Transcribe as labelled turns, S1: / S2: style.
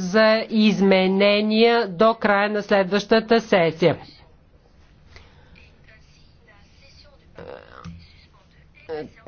S1: за изменения до края на следващата сесия.